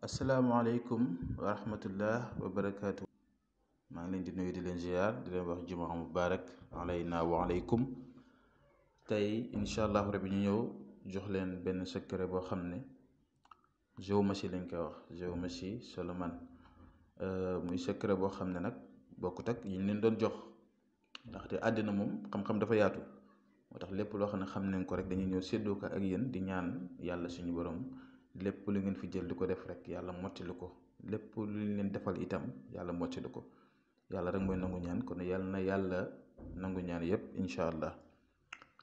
asalaamualeykum wa rahmatullah wa maa ngi leen di nuyu di leen ziar di leen wax jumaa mubarak alayna wa aleykum tey incha allah rabi ñu ñëw jox leen benn secret boo xam ne géomatie lañ koy wax géomatie Solomon euh, muy secret boo xam ne nag bokkut ak yi ñu leen doon jox ndaxte àddina moom xam-xam dafa yaatu moo tax lépp loo xam ne xam nañ ko rek dañuy ñëw séddoo ko ak yéen di ñaan yàlla suñu borom. lépp lu ngeen fi jël di ko def rek yàlla mottali ko lépp lu leen defal itam yàlla lu ko yàlla rek mooy nangu ñaan kon yàlla na yàlla nangu ñaan yëpp incha allah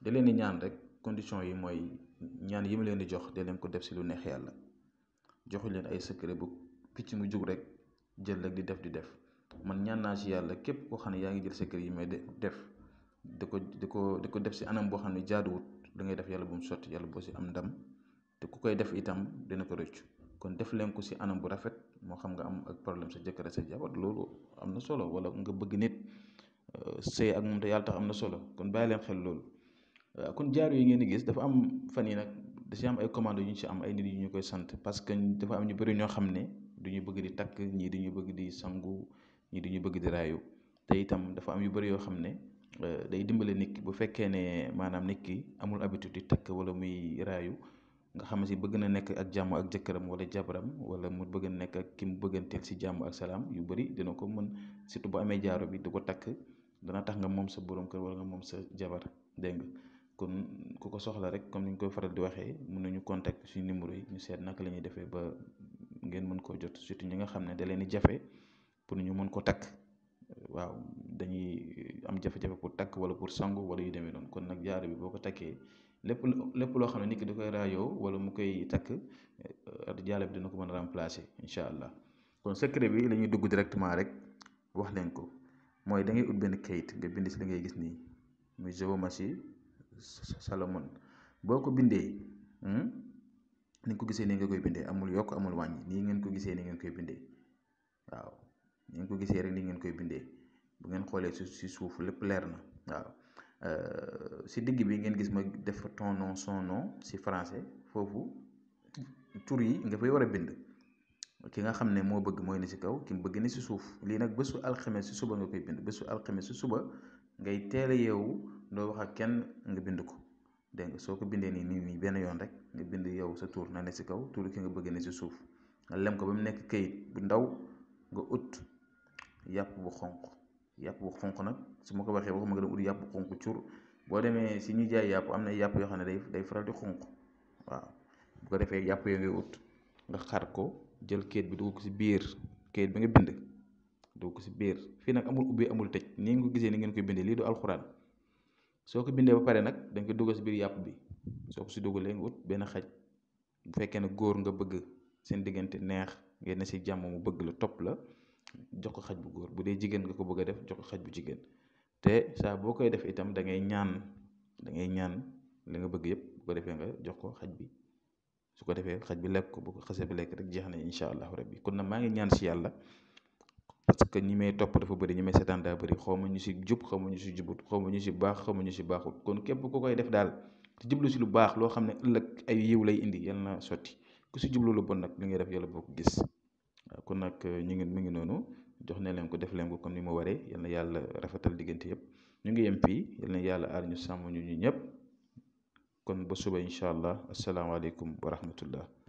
da leen di ñaan rek condition yi mooy ñaan yi mu leen di jox de leen ko def si lu neex yàlla joxu leen ay secret bu kicc mu jug rek jël rek di def di def man ñaan naa si yàlla képp koo xam ne yaa ngi jël secret yi may def di ko di ko di ko def si anam boo xam ne jaaduwut da ngay def yàlla bu mu sotti yàlla boo si am ndam te ku koy def itam dina ko rëccu kon def leen ko si anam bu rafet moo xam nga am ak problème sa jëkkër sa jabar loolu am na solo wala nga bëgg nit euh, sëy ak moom te yàlla tax am na solo kon bàyyi leen xel loolu euh, kon jaaro yi ngeen di gis dafa am fan yi nag da am ay commande yu ñu si am ay nit yu ñu koy sant parce que dafa am ñu bëri ñoo xam ne du ñu bëgg di takk ñii di ñu bëgg di sangu ñii du ñu bëgg di raayu te itam dafa am yu bëri yoo xam ne euh, day dimbale nit ki bu fekkee ne maanaam nit ki amul habitude di takk wala muy raayu nga xam si bëgg na nekk ak jàmm ak jëkkëram wala jabaram wala mu bëgg nekk ak ki mu bëgganteel si jàmm ak salaam yu bari dina ko mën surtout bu amee jaaro bi du ko takk dana tax nga moom sa borom kër wala nga moom sa jabar dégg nga kon ku ko soxla rek comme ni ñu koy faral di waxee mën nañu contact suñu numéro yi ñu seet naka la ñuy defee ba ngeen mën koo jot surtout ñi nga xam ne da leen di jafe pour ñu mën koo takk waaw dañuy am jafe-jafe pour takk wala pour sangu wala yu demee noonu kon nag jaaro bi boo ko takkee lépp lépp loo xam ne nit ki da koy raayoo wala mu koy takk jaaro eh, bi dana ko mën a remplacer incha allah kon secret bi la dugg directement rek wax leen ko mooy da ngay ut benn kayit nga bind si li ngay gis nii muy géomasi Salomon boo ko bindee hmm, ni ko gisee ni nga koy bindee amul yokk amul wàññi nii ngeen ko gisee nii ngeen koy bindee waaw ni ngeen ko gisee rek nii ngeen koy bindee. bu ngeen xoolee si suuf lépp leer na waaw euh, si digg bi ngeen gis ma def ton nom son nom si français foofu tur yi nga fay war a bind ki nga xam ne moo bëgg mooy ni si kaw ki mu bëgg ni si suuf lii nag bésu alxames si suba nga koy bind bésu suba ngay teel a yeewu doo wax ak kenn nga bind ko dégg soo ko bindee nii nii benn yoon rek nga bind yow sa tur na ne si kaw tur ki nga bëgg ne si suuf nga lem ko ba mu nekk kayit bu ndaw nga ut yàpp bu xonq yàpp bu xonq nag su ma ko waxee waxuma nga dem ut yàpp bu xonq cur boo demee si ñu jaay yàpp am na yàpp yoo xam ne day day faral di xonq waaw bu ko defee yàpp yooyu ngay ut nga xar ko jël kayit bi dugg ko si biir kayit bi nga bind dugg ko si biir fii nag amul ubbi amul tëj ni nga ko gisee ni ngeen koy bindee lii du alxuraan soo ko bindee ba pare nag dañ koy dugg si biir yàpp bi soo ko si dugalee nga ut benn xaj bu fekkee ne góor nga bëgg seen diggante neex ngeen si jàmm mu bëgg la topp la jox ko xaj bu góor bu dee jigéen nga ko bëgg a def jox ko xaj bu jigéen te saa boo koy def itam da ngay ñaan dangay ñaan li nga bëgg yëpp bu ko defee nga jox ko xaj bi su ko defee xaj bi lekk ko bu ko xasee bi lekk rek jeex na incha allahu rabbi kon nag maa ngi ñaan si yàlla parce que ñi may topp dafa bëri ñi may seetaan daa xaw ma ñu si jub xaw si jubut xaw ma ñu si baax xaw si baaxul kon képp ku koy def daal te jublu si lu baax loo xam ne ëllëg ay yiw lay indi yàlla na sotti ku si jublu lu bon nag li ngay def yàlla boo ko gis kon nag euh, ñu ngi mi ngi noonu jox ne leen ko def leen ko comme ni mu waree yal na yàlla rafetal diggante yëpp ñu ngi yem fii yal na yàlla aar ñu sàmm ñu ñëpp kon ba suba incha allah asalaamaaleykum wa rahmatullah